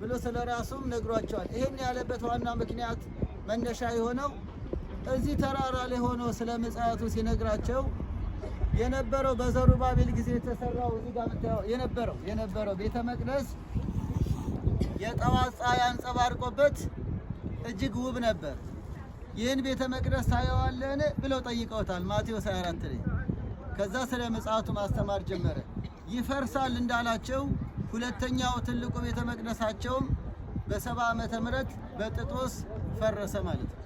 ብሎ ስለ ራሱም ነግሯቸዋል። ይህን ያለበት ዋና ምክንያት መነሻ የሆነው እዚህ ተራራ ላይ ሆኖ ስለ ምጽአቱ ሲነግራቸው የነበረው በዘሩባቤል ጊዜ የተሰራው እዚህ ጋር የነበረው የነበረው ቤተ መቅደስ የጠዋት ፀሐይ አንጸባርቆበት እጅግ ውብ ነበር። ይህን ቤተ መቅደስ ታየዋለን ብለው ጠይቀውታል። ማቴዎስ 24 ላይ ከዛ ስለ ምጽአቱ ማስተማር ጀመረ። ይፈርሳል እንዳላቸው ሁለተኛው ትልቁ ቤተ መቅደሳቸውም በሰባ ዓመተ ምህረት በጥጦስ ፈረሰ ማለት ነው።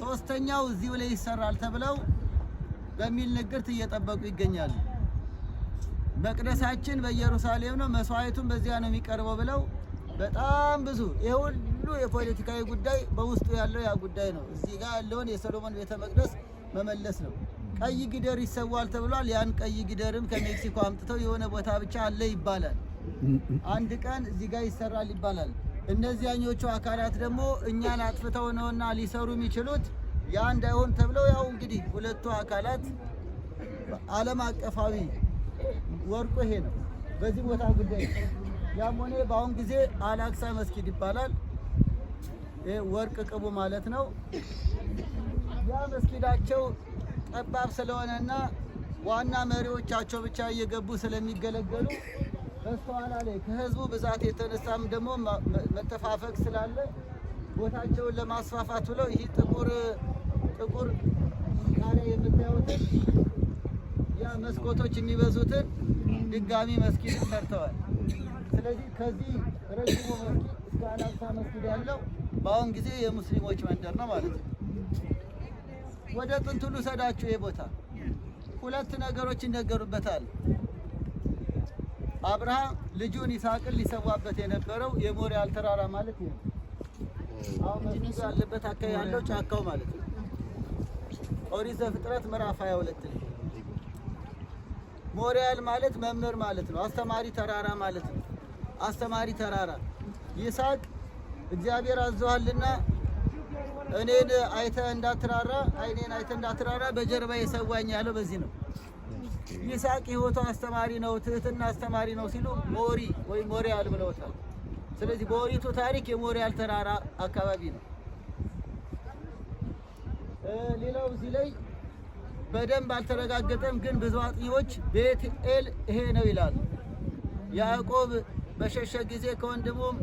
ሶስተኛው እዚሁ ላይ ይሰራል ተብለው በሚል ንግርት እየጠበቁ ይገኛሉ። መቅደሳችን በኢየሩሳሌም ነው፣ መስዋዕቱን በዚያ ነው የሚቀርበው ብለው በጣም ብዙ የሁሉ ሁሉ የፖለቲካዊ ጉዳይ በውስጡ ያለው ያ ጉዳይ ነው። እዚህ ጋር ያለውን የሰሎሞን ቤተ መቅደስ መመለስ ነው። ቀይ ግደር ይሰዋል ተብሏል። ያን ቀይ ግደርም ከሜክሲኮ አምጥተው የሆነ ቦታ ብቻ አለ ይባላል። አንድ ቀን እዚህ ጋር ይሰራል ይባላል። እነዚያኞቹ አካላት ደግሞ እኛን አጥፍተው ነውና ሊሰሩ የሚችሉት ያ እንዳይሆን ተብለው ያው እንግዲህ ሁለቱ አካላት ዓለም አቀፋዊ ወርቁ ይሄ ነው። በዚህ ቦታ ጉዳይ ያም ሆነ በአሁን ጊዜ አላክሳ መስጊድ ይባላል። ወርቅ ቅቡ ማለት ነው። ያ መስጊዳቸው ጠባብ ስለሆነና ዋና መሪዎቻቸው ብቻ እየገቡ ስለሚገለገሉ በስተኋላ ላይ ከህዝቡ ብዛት የተነሳም ደግሞ መጠፋፈቅ ስላለ ቦታቸውን ለማስፋፋት ብለው ይህ ጥቁር ጥቁር ቃሪያ የምታዩትን ያ መስኮቶች የሚበዙትን ድጋሚ መስጊድ ሰርተዋል። ስለዚህ ከዚህ ረጅሙ መስጊድ እስከ አናብሳ መስጊድ ያለው በአሁን ጊዜ የሙስሊሞች መንደር ነው ማለት ነው። ወደ ጥንቱ ልውሰዳችሁ። ይህ ቦታ ሁለት ነገሮች ይነገሩበታል። አብርሃም ልጁን ይስሐቅን ሊሰዋበት የነበረው የሞሪያል ተራራ ማለት ነው። አሁን ያለበት አካባቢ ያለው ጫካው ማለት ነው። ኦሪት ዘፍጥረት ምዕራፍ 22 ላይ ሞሪያል ማለት መምህር ማለት ነው። አስተማሪ ተራራ ማለት ነው። አስተማሪ ተራራ ይስሐቅ እግዚአብሔር አዘዋልና እኔን አይተ እንዳትራራ አይኔን አይተ እንዳትራራ በጀርባ የሰዋኝ ያለው በዚህ ነው። ይስሐቅ ሕይወቷ አስተማሪ ነው፣ ትህትና አስተማሪ ነው ሲሉ ሞሪ ወይ ሞሪያል ብለውታል። ስለዚህ በኦሪቱ ታሪክ የሞሪያል ተራራ አካባቢ ነው። ሌላው እዚህ ላይ በደንብ አልተረጋገጠም፣ ግን ብዙ አጥኚዎች ቤት ኤል ይሄ ነው ይላሉ። ያዕቆብ በሸሸ ጊዜ ከወንድሙም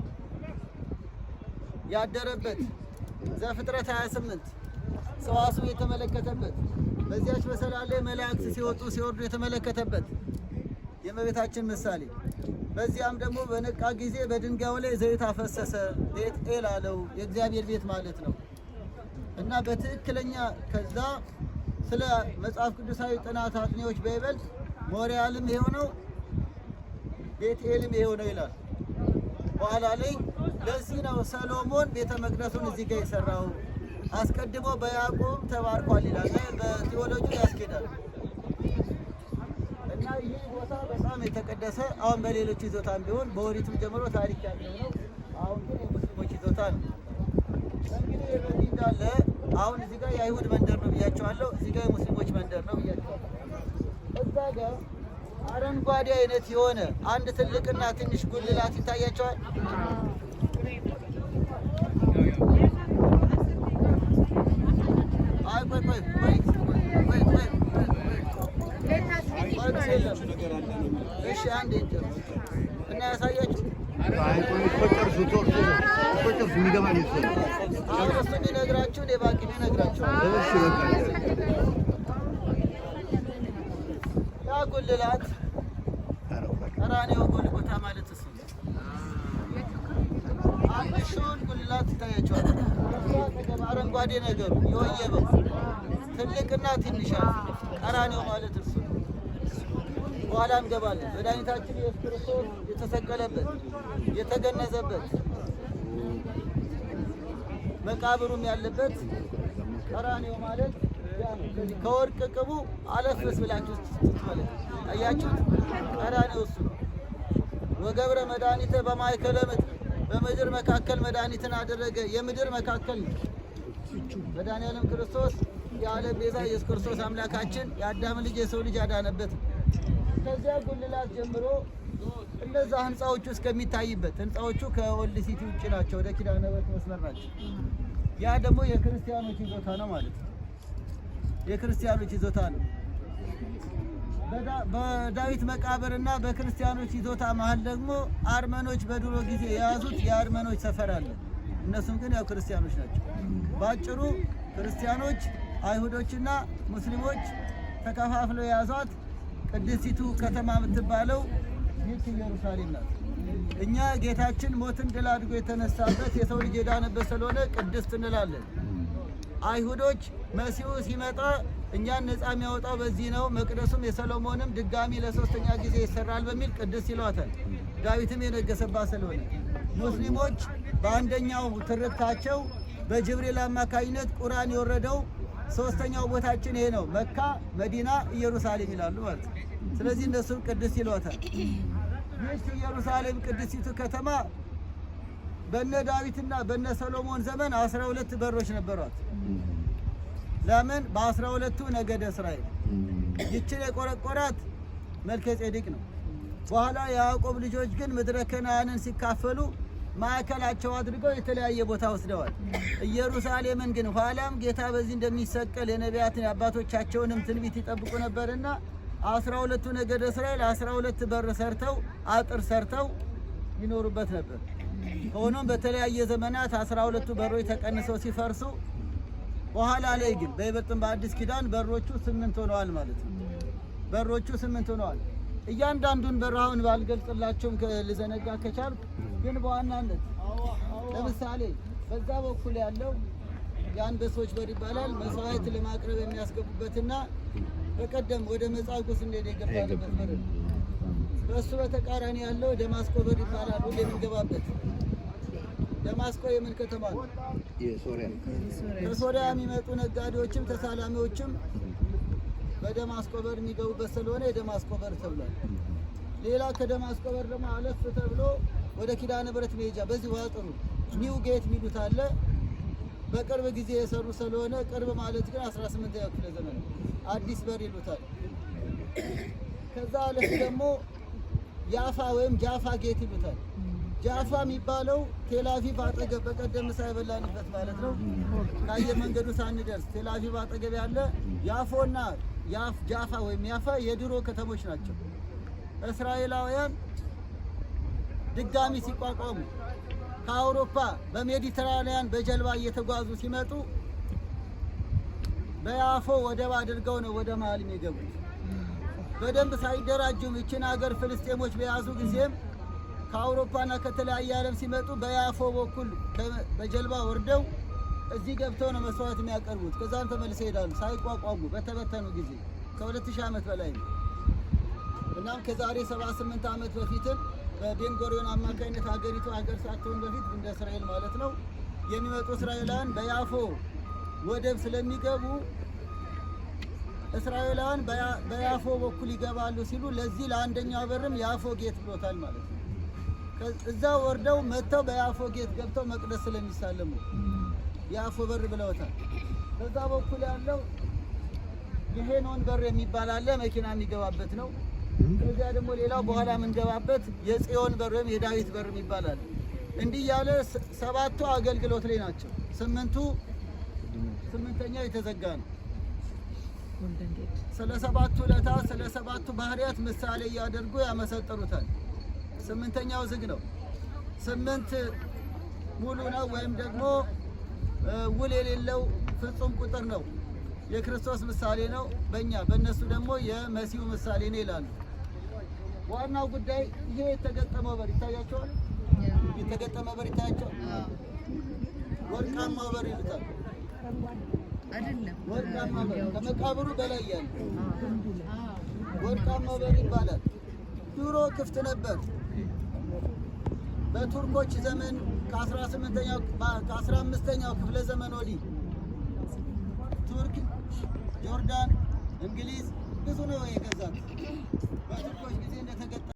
ያደረበት ዘፍጥረት 28 ሰዋስው የተመለከተበት በዚያች በሰላም መላእክት ሲወጡ ሲወርዱ የተመለከተበት የእመቤታችን ምሳሌ። በዚያም ደግሞ በነቃ ጊዜ በድንጋዩ ላይ ዘይት አፈሰሰ። ቤት ኤል አለው የእግዚአብሔር ቤት ማለት ነው እና በትክክለኛ ከዛ ስለ መጽሐፍ ቅዱሳዊ ጥናት አጥኔዎች በይበልጥ ሞሪያልም የሆነው ቤት ኤልም የሆነው ይላል በኋላ ላይ ለዚህ ነው ሰሎሞን ቤተ መቅደሱን እዚህ ጋር የሰራው። አስቀድሞ በያዕቆብ ተባርኳል ይላል። በቴዎሎጂ ያስኬዳል። እና ይህ ቦታ በጣም የተቀደሰ አሁን በሌሎች ይዞታ ቢሆን በወሪቱም ጀምሮ ታሪክ ያለው ነው። አሁን ግን የሙስሊሞች ይዞታ ነው። እንግዲህ በዚህ እንዳለ አሁን እዚህ ጋር የአይሁድ መንደር ነው ብያቸዋለሁ። እዚህ ጋር የሙስሊሞች መንደር ነው ብያቸዋለሁ። እዛ ጋር አረንጓዴ አይነት የሆነ አንድ ትልቅና ትንሽ ጉልላት ይታያቸዋል። ጉልላት ኧረ እኔ ጉል ቦታ ማለት እሱ የመሸውን ጉልላት ይታያቸዋል። አረንጓዴ ነገሩ የወየበው ትልቅና ትንሽ ቀራኔው ማለት እርሱ በኋላ እንገባለን። መድኃኒታችን ኢየሱስ ክርስቶስ የተሰቀለበት የተገነዘበት መቃብሩም ያለበት ቀራኔው ማለት ከወርቅ ቅቡ አለፍ ብላችሁ ስትመለከቱ አያችሁት። ቀራኔው እሱ ነው። ወገብረ መድኃኒተ በማእከለ ምድር በምድር መካከል መድኃኒትን አደረገ። የምድር መካከል መድኃኔ ክርስቶስ የዓለም ቤዛ ኢየሱስ ክርስቶስ አምላካችን የአዳም ልጅ የሰው ልጅ አዳነበት። ከዚያ ጉልላት ጀምሮ እነዛ ህንፃዎቹ እስከሚታይበት ህንፃዎቹ ከኦልድ ሲቲ ውጭ ናቸው፣ ወደ ኪዳነ መስመር ናቸው። ያ ደግሞ የክርስቲያኖች ይዞታ ነው ማለት ነው። የክርስቲያኖች ይዞታ ነው። በዳዊት እና በክርስቲያኖች ይዞታ መሀል ደግሞ አርመኖች በድሮ ጊዜ የያዙት የአርመኖች ሰፈር አለ። እነሱም ግን ያው ክርስቲያኖች ናቸው። በአጭሩ ክርስቲያኖች፣ አይሁዶችና ሙስሊሞች ተከፋፍለው የያዟት ቅድስቲቱ ከተማ የምትባለው ይህች ኢየሩሳሌም ናት። እኛ ጌታችን ሞትን ድል አድጎ የተነሳበት የሰው ልጅ የዳነበት ስለሆነ ቅድስት እንላለን። አይሁዶች መሲሁ ሲመጣ እኛን ነፃ የሚያወጣው በዚህ ነው። መቅደሱም የሰሎሞንም ድጋሚ ለሶስተኛ ጊዜ ይሰራል በሚል ቅድስት ይሏታል። ዳዊትም የነገሰባት ስለሆነ ሙስሊሞች በአንደኛው ትርክታቸው በጅብሪል አማካኝነት ቁርአን የወረደው ሶስተኛው ቦታችን ይሄ ነው፣ መካ፣ መዲና፣ ኢየሩሳሌም ይላሉ ማለት ነው። ስለዚህ እነሱም ቅድስት ይሏታል። ይህች ኢየሩሳሌም ቅድስቲቱ ከተማ በነ ዳዊትና በነ ሰሎሞን ዘመን አስራ ሁለት በሮች ነበሯት። ለምን በአስራ ሁለቱ ነገደ እስራኤል ይችን የቆረቆራት መልከ ጼዴቅ ነው። በኋላ የያዕቆብ ልጆች ግን ምድረ ከነዓንን ሲካፈሉ ማዕከላቸው አድርገው የተለያየ ቦታ ወስደዋል። ኢየሩሳሌምን ግን ኋላም ጌታ በዚህ እንደሚሰቀል የነቢያትን አባቶቻቸውንም ትንቢት ይጠብቁ ነበርና አስራ ሁለቱ ነገደ እስራኤል አስራ ሁለት በር ሰርተው አጥር ሰርተው ይኖሩበት ነበር። ሆኖም በተለያየ ዘመናት አስራ ሁለቱ በሮች ተቀንሰው ሲፈርሱ በኋላ ላይ ግን በይበልጥም በአዲስ ኪዳን በሮቹ ስምንት ሆነዋል ማለት ነው። በሮቹ ስምንት ሆነዋል። እያንዳንዱን በረሃውን ባልገልጽላቸውም ልዘነጋ ከቻልኩ ግን በዋናነት ለምሳሌ በዛ በኩል ያለው የአንበሶች በር ይባላል። መስዋዕት ለማቅረብ የሚያስገቡበትና በቀደም ወደ መጻጉዕ ስንሄድ የገባንበት በር፣ በእሱ በተቃራኒ ያለው ደማስቆ በር ይባላል። ሁሌ የምንገባበት ደማስቆ የምን ከተማ ነው? ከሶሪያ የሚመጡ ነጋዴዎችም ተሳላሚዎችም በደማስቆ በር የሚገቡበት ስለሆነ የደማስቆ በር ተብሏል። ሌላ ከደማስቆ በር ደግሞ አለፍ ተብሎ ወደ ኪዳነ ምሕረት መሄጃ በዚህ ዋጥሩ ኒው ጌት የሚሉት አለ። በቅርብ ጊዜ የሰሩ ስለሆነ ቅርብ ማለት ግን 18 ክፍለ ዘመን አዲስ በር ይሉታል። ከዛ አለፍ ደግሞ ያፋ ወይም ጃፋ ጌት ይሉታል። ጃፋ የሚባለው ቴላቪቭ አጠገብ በቀደም ሳይበላንበት ማለት ነው። ከአየር መንገዱ ሳንደርስ ቴላቪቭ አጠገብ ያለ ያፎና ጃፋ ወይም ያፋ የድሮ ከተሞች ናቸው። እስራኤላውያን ድጋሚ ሲቋቋሙ ከአውሮፓ በሜዲትራንያን በጀልባ እየተጓዙ ሲመጡ በያፎ ወደብ አድርገው ነው ወደ መሀል የገቡት። በደንብ ሳይደራጁም ይችን ሀገር ፍልስጤሞች በያዙ ጊዜም ከአውሮፓና ከተለያየ ዓለም ሲመጡ በያፎ በኩል በጀልባ ወርደው እዚህ ገብተው ነው መስዋዕት የሚያቀርቡት። ከዛም ተመልሰው ይሄዳሉ ሳይቋቋሙ በተበተኑ ጊዜ ከ2000 ዓመት በላይ ነው። እናም ከዛሬ 78 ዓመት በፊትም በቤንጎሪዮን አማካኝነት ሀገሪቱ ሀገር ሳትሆን በፊት እንደ እስራኤል ማለት ነው የሚመጡ እስራኤላውያን በያፎ ወደብ ስለሚገቡ እስራኤላውያን በያፎ በኩል ይገባሉ ሲሉ ለዚህ ለአንደኛው በርም ያፎ ጌት ብሎታል ማለት ነው። እዛ ወርደው መጥተው በያፎ ጌት ገብተው መቅደስ ስለሚሳለሙ የአፎ በር ብለውታል። በዛ በኩል ያለው የሄኖን በር የሚባል አለ፣ መኪና የሚገባበት ነው። ከዚያ ደግሞ ሌላው በኋላ የምንገባበት የጽዮን በር ወይም የዳዊት በር የሚባል አለ። እንዲህ ያለ ሰባቱ አገልግሎት ላይ ናቸው። ስምንቱ ስምንተኛው የተዘጋ ነው። ስለ ሰባቱ ዕለታት ስለ ሰባቱ ባህሪያት ምሳሌ እያደርጉ ያመሰጠሩታል። ስምንተኛው ዝግ ነው። ስምንት ሙሉ ነው ወይም ደግሞ ውል የሌለው ፍጹም ቁጥር ነው። የክርስቶስ ምሳሌ ነው በእኛ በእነሱ ደግሞ የመሲሁ ምሳሌ ነው ይላሉ። ዋናው ጉዳይ ይሄ የተገጠመው በር ይታያቸዋል። የተገጠመ በር ይታያቸዋል። ወርቃማው በር ይሉታል። ወርቃማ በር ከመቃብሩ በላይ ያለ ወርቃማ በር ይባላል። ድሮ ክፍት ነበር። በቱርኮች ዘመን ከ15ኛው ክፍለ ዘመን ወዲህ ቱርክ፣ ጆርዳን፣ እንግሊዝ ብዙ ነው የገዛት በቱርኮች ጊዜ እንደተገጠ